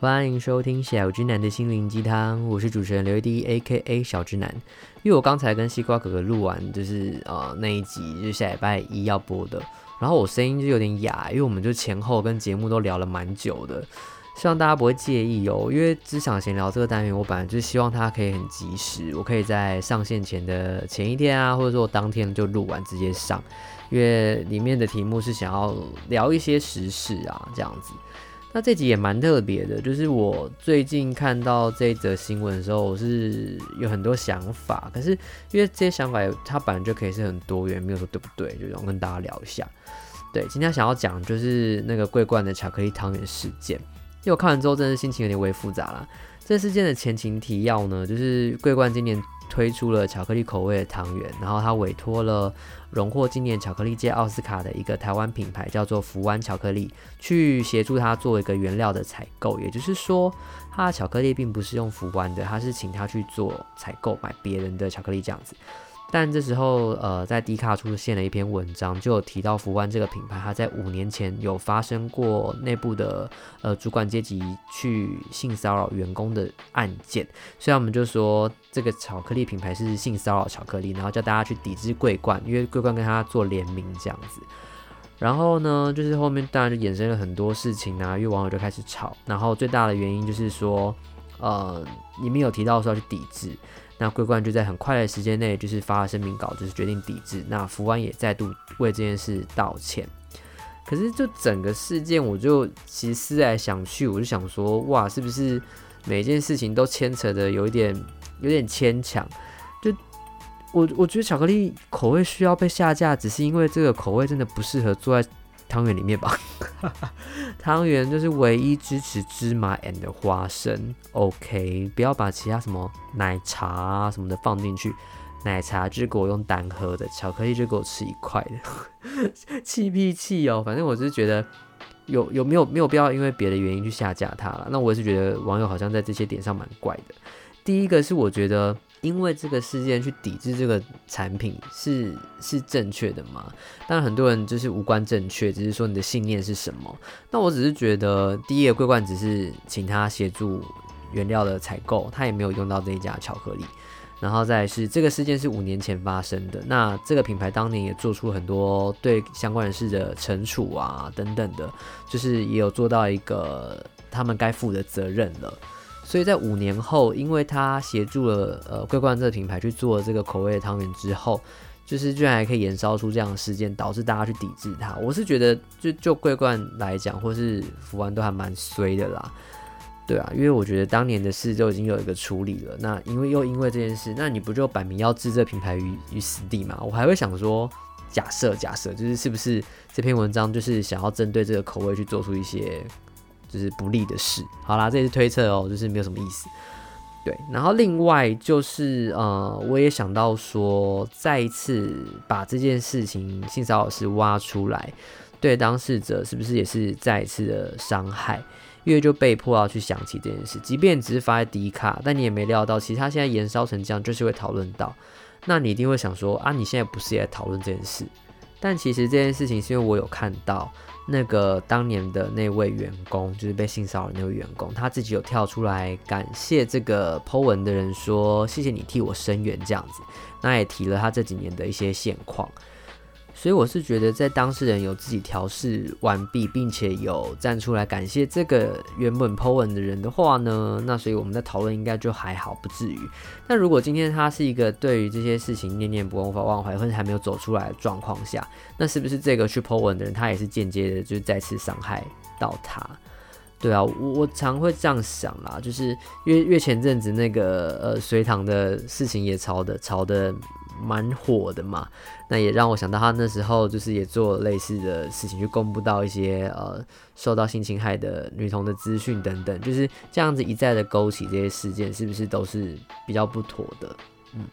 歡迎收聽小直男的心靈雞湯，我是主持人劉一滴，A.K.A 小直男。因為我剛才跟西瓜哥哥錄完，就是呃那一集就是下禮拜一要播的。然後我聲音就有點啞，因為我們就前後跟節目都聊了蠻久的，希望大家不會介意哦。因為只想閒聊這個單元，我本來就是希望它可以很及時，我可以在上線前的前一天啊，或者說我當天就錄完直接上，因為裡面的題目是想要聊一些時事啊這樣子。那這集也蠻特別的，就是我最近看到這則新聞的時候，我是有很多想法，可是因為這些想法它本來就可以是很多元，沒有說對不對，就想跟大家聊一下。對，今天要想要講就是那個桂冠的巧克力湯圓事件，因為我看完之後，真的心情有點微複雜啦。這事件的前情提要呢，就是桂冠今年。推出了巧克力口味的湯圓，然後他委託了榮獲今年巧克力界奧斯卡的一個台灣品牌，叫做福灣巧克力，去協助他做一個原料的採購。也就是說，他的巧克力並不是用福灣的，他是請他去做採購，買別人的巧克力這樣子。但這時候，呃，在迪卡出現了一篇文章，就有提到福灣這個品牌，它在五年前有發生過內部的呃主管階級去性騷擾員工的案件，所以我們就說這個巧克力品牌是性騷擾巧克力，然後叫大家去抵制桂冠，因為桂冠跟他做聯名這樣子。然後呢，就是後面當然就衍生了很多事情啊，因為網友就開始吵，然後最大的原因就是說，呃，你們有提到說要去抵制。那桂冠就在很快的時間內，就是發了聲明稿，就是決定抵制。那福灣也再度為這件事道歉。可是，就整個事件，我就其實思來想去，我就想說，哇，是不是每件事情都牽扯得有一點，有點牽強？就我，我覺得巧克力口味需要被下架，只是因為這個口味真的不適合坐在。湯圓裡面吧，湯圓就是唯一支持芝麻 and 花生，OK，不要把其他什麼奶茶啊什麼的放進去。奶茶就是給我用單喝的，巧克力就給我吃一塊的，氣屁氣哦！反正我是覺得有有沒有沒有必要因為別的原因去下架它了？那我也是覺得網友好像在這些點上蠻怪的。第一個是我覺得。因為這個事件去抵制這個產品是是正確的嗎？但很多人就是無關正確，只是說你的信念是什麼。那我只是覺得，第一個桂冠只是請他協助原料的採購，他也沒有用到這一家巧克力。然後再是這個事件是五年前發生的，那這個品牌當年也做出很多對相關人士的懲處啊等等的，就是也有做到一個他們該負的責任了。所以在五年後，因為他協助了呃桂冠這個品牌去做了這個口味的湯圓之後，就是居然還可以延燒出這樣的事件，導致大家去抵制它。我是覺得，就就桂冠來講，或是福安都還蠻衰的啦。對啊，因為我覺得當年的事就已經有一個處理了。那因為又因為這件事，那你不就擺明要置這個品牌於於死地嘛？我還會想說，假設假設，就是是不是這篇文章就是想要針對這個口味去做出一些？就是不利的事。好啦，這也是推測哦、喔，就是沒有什麼意思。對，然後另外就是呃，我也想到說，再一次把這件事情性騷擾老師挖出來，對當事者是不是也是再一次的傷害？因為就被迫要去想起這件事，即便只是發在迪卡，但你也沒料到，其實他現在延燒成這樣，就是會討論到。那你一定會想說啊，你現在不是也討論這件事？但其實這件事情是因為我有看到那個當年的那位員工，就是被性騷擾那位員工，他自己有跳出來感謝這個 Po 文的人說，說謝謝你替我聲援這樣子，那也提了他這幾年的一些現況。所以我是覺得，在當事人有自己調試完畢，並且有站出來感謝這個原本 PO 文的人的話呢，那所以我們在討論應該就還好，不至於。但如果今天他是一個對於這些事情念念不忘、無法忘懷，或者還沒有走出來的狀況下，那是不是這個去 PO 文的人，他也是間接的就再次傷害到他？對啊，我我常會這樣想啦，就是因為前陣子那個呃隋棠的事情也吵的吵的。蠻火的嘛，那也讓我想到他那時候就是也做類似的事情，就公布到一些呃受到性侵害的女童的資訊等等，就是這樣子一再的勾起這些事件，是不是都是比較不妥的？嗯，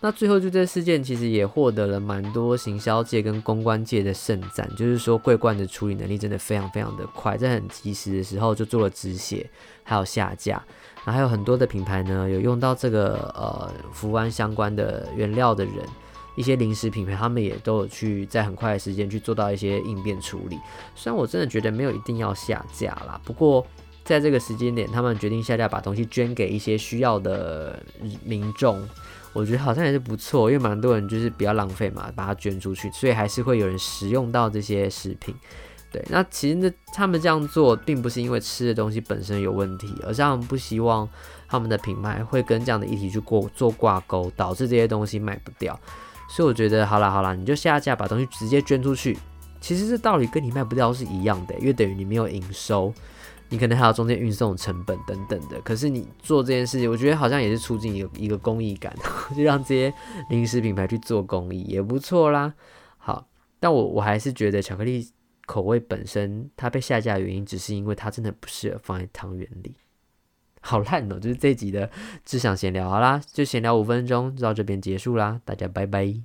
那最後就這事件其實也獲得了蠻多行銷界跟公關界的盛讚，就是說桂冠的處理能力真的非常非常的快，在很及時的時候就做了止血，還有下架。還有很多的品牌呢，有用到這個呃福灣相關的原料的人，一些零食品牌他們也都有去在很快的時間去做到一些應變處理。雖然我真的覺得沒有一定要下架啦，不過在這個時間點，他們決定下架，把東西捐給一些需要的民眾，我覺得好像也是不錯，因為蠻多人就是比較浪費嘛，把它捐出去，所以還是會有人食用到這些食品。對，那其實那他們這樣做，並不是因為吃的東西本身有問題，而是他們不希望他們的品牌會跟這樣的議題去過做掛鈎，導致這些東西賣不掉。所以我覺得，好啦、好啦，你就下架，把東西直接捐出去。其實這道理跟你賣不掉是一樣的，因為等於你沒有營收，你可能還有中間運送成本等等的。可是你做這件事情，我覺得好像也是促進一個一個公益感， 就讓這些零食品牌去做公益也不錯啦。好，但我我還是覺得巧克力口味本身，它被下架的原因只是因為它真的不適合放在湯圓裡，好爛哦！就是這集的之想閒聊，好啦，就閒聊五分鐘，就到這邊結束啦，大家拜拜。